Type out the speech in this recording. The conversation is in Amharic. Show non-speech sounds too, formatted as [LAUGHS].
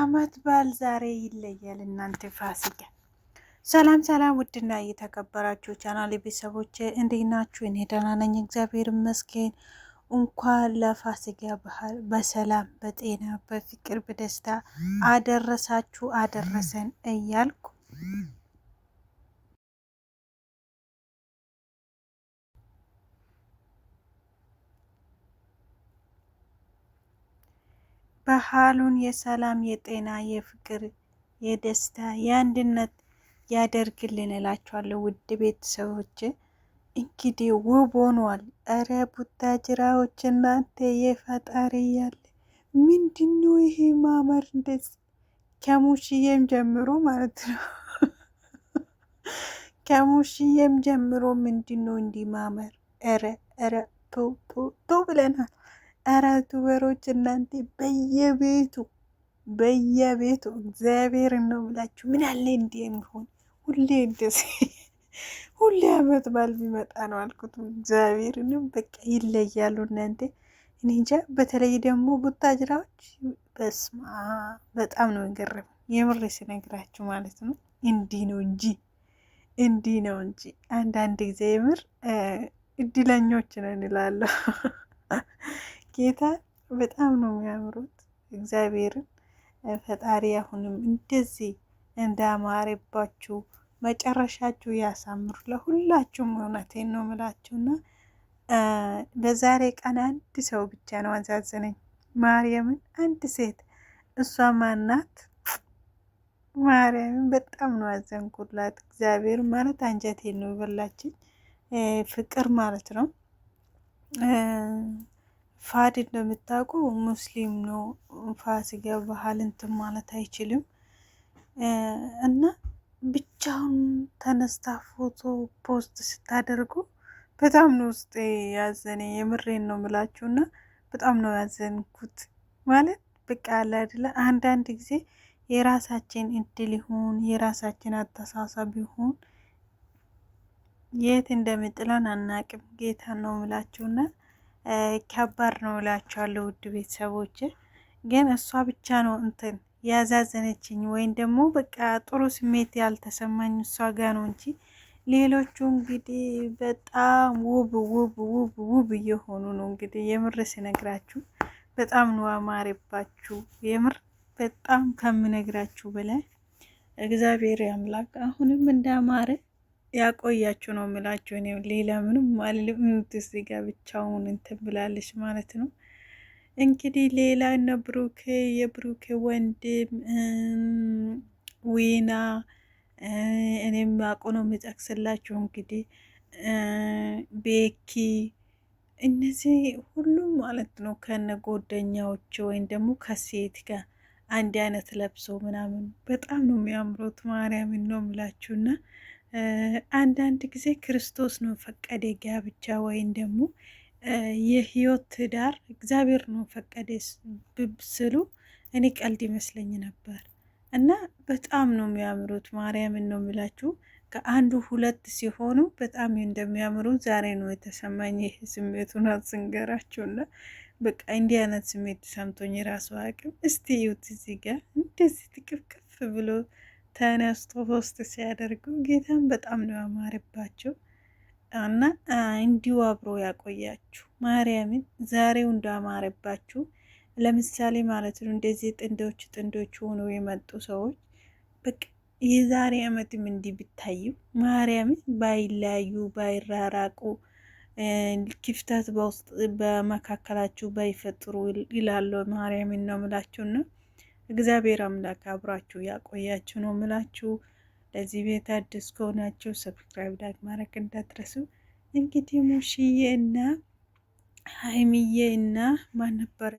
አመት በዓል ዛሬ ይለያል። እናንተ ፋሲካ ሰላም ሰላም፣ ውድና እየተከበራችሁ ቻናል ቤተሰቦች እንዴት ናችሁ? እኔ ደህና ነኝ፣ እግዚአብሔር ይመስገን። እንኳን ለፋሲካ በዓል በሰላም በጤና በፍቅር በደስታ አደረሳችሁ አደረሰን እያልኩ ባህሉን የሰላም፣ የጤና፣ የፍቅር፣ የደስታ፣ የአንድነት ያደርግልን እላችኋለሁ። ውድ ቤተሰቦች እንግዲህ ውብ ሆኗል። እረ ቡታጅራዎች እናንተ የፈጣሪ ያለ ምንድነው ይሄ ማመር እንደዚ ከሙሽዬም ጀምሮ ማለት ነው። [LAUGHS] ከሙሽዬም ጀምሮ ምንድነው እንዲህ ማመር ረ ረ ቶ ቶ ብለናል። አራቱ በሮች እናንተ በየቤቱ በየቤቱ እግዚአብሔር ነው ብላችሁ ምን አለ እንዲ የሚሆን ሁሌ እንደዚህ [LAUGHS] ሁሌ አመት ባል ቢመጣ ነው አልኩት። እግዚአብሔር ነው በቃ ይለያሉ እናንተ። እኔ እንጃ። በተለይ ደግሞ ቡታጅራዎች በስማ በጣም ነው የገረመ የምር ስነግራችሁ ማለት ነው። እንዲህ ነው እንጂ እንዲህ ነው እንጂ አንዳንድ ጊዜ የምር እድለኞች ነን እላለሁ። [LAUGHS] ጌታ በጣም ነው የሚያምሩት። እግዚአብሔርን ፈጣሪ አሁንም እንደዚህ እንዳማረባችሁ መጨረሻችሁ ያሳምሩ ለሁላችሁም። እውነቴን ነው ምላችሁና በዛሬ ቀን አንድ ሰው ብቻ ነው አዛዘነኝ፣ ማርያምን አንድ ሴት እሷ ማናት? ማርያምን በጣም ነው አዘንኩላት። እግዚአብሔር ማለት አንጀቴን ነው ይበላችኝ ፍቅር ማለት ነው። ፋድ እንደምታውቁ ሙስሊም ነው። ፋሲካ ባህል እንትን ማለት አይችልም እና ብቻውን ተነስታ ፎቶ ፖስት ስታደርጉ በጣም ነው ውስጤ ያዘነ። የምሬን ነው ምላችሁ እና በጣም ነው ያዘንኩት። ማለት በቃ ያለ አይደለ አንዳንድ ጊዜ የራሳችን እድል ይሁን የራሳችን አተሳሰብ ይሁን የት እንደምጥለን አናቅም። ጌታ ነው ምላችሁና ከባድ ነው እላችኋለሁ ውድ ቤተሰቦች። ግን እሷ ብቻ ነው እንትን ያዛዘነችኝ ወይም ደግሞ በቃ ጥሩ ስሜት ያልተሰማኝ እሷ ጋ ነው እንጂ ሌሎቹ እንግዲህ በጣም ውብ ውብ ውብ ውብ እየሆኑ ነው። እንግዲህ የምር ስነግራችሁ በጣም ነው አማረባችሁ። የምር በጣም ከምነግራችሁ በላይ እግዚአብሔር አምላክ አሁንም እንዳማረ ያቆያችሁ ነው የምላችሁ። እኔ ሌላ ምንም አልልም። እዚህ ጋር ብቻውን እንትን ብላለች ማለት ነው። እንግዲህ ሌላ እነ ብሩኬ የብሩኬ ወንድም ዊና እኔም አቆ ነው የምጠቅስላችሁ እንግዲህ ቤኪ እነዚህ ሁሉም ማለት ነው ከነ ጎደኛዎች ወይም ደግሞ ከሴት ጋር አንድ አይነት ለብሶ ምናምን በጣም ነው የሚያምሩት። ማርያምን ነው የምላችሁና አንዳንድ ጊዜ ክርስቶስ ነው ፈቀደ ጋብቻ ወይም ደግሞ የህይወት ትዳር እግዚአብሔር ነው ፈቀደ ስሉ እኔ ቀልድ ይመስለኝ ነበር። እና በጣም ነው የሚያምሩት። ማርያምን ነው የሚላችሁ ከአንዱ ሁለት ሲሆኑ በጣም እንደሚያምሩ ዛሬ ነው የተሰማኝ። ይህ ስሜቱን አልስንገራችሁና በቃ እንዲህ አይነት ስሜት ሰምቶኝ ራሱ አቅም እስቲ ዩት እዚህ ጋር እንደዚህ ትቅፍቅፍ ብሎ ተነስቶ ሶስት ሲያደርጉ ጌታን በጣም ነው ያማረባቸው። እና እንዲሁ አብሮ ያቆያችሁ ማርያምን ዛሬው እንዳማረባችሁ ለምሳሌ ማለት ነው። እንደዚህ ጥንዶች ጥንዶች ሆኖ የመጡ ሰዎች በቃ የዛሬ አመትም እንዲህ ብታዩ ማርያምን ባይለያዩ ባይራራቁ ክፍተት በውስጥ በመካከላችሁ ባይፈጥሩ ይላሉ። ማርያምን ነው ነው። እግዚአብሔር አምላክ አብራችሁ ያቆያችሁ ነው ምላችሁ። ለዚህ ቤት አዲስ ከሆናችሁ ሰብስክራይብ ላይክ ማድረግ እንዳትረሱ። እንግዲህ ሙሽዬ እና ሀይሚዬ እና ማን ነበረ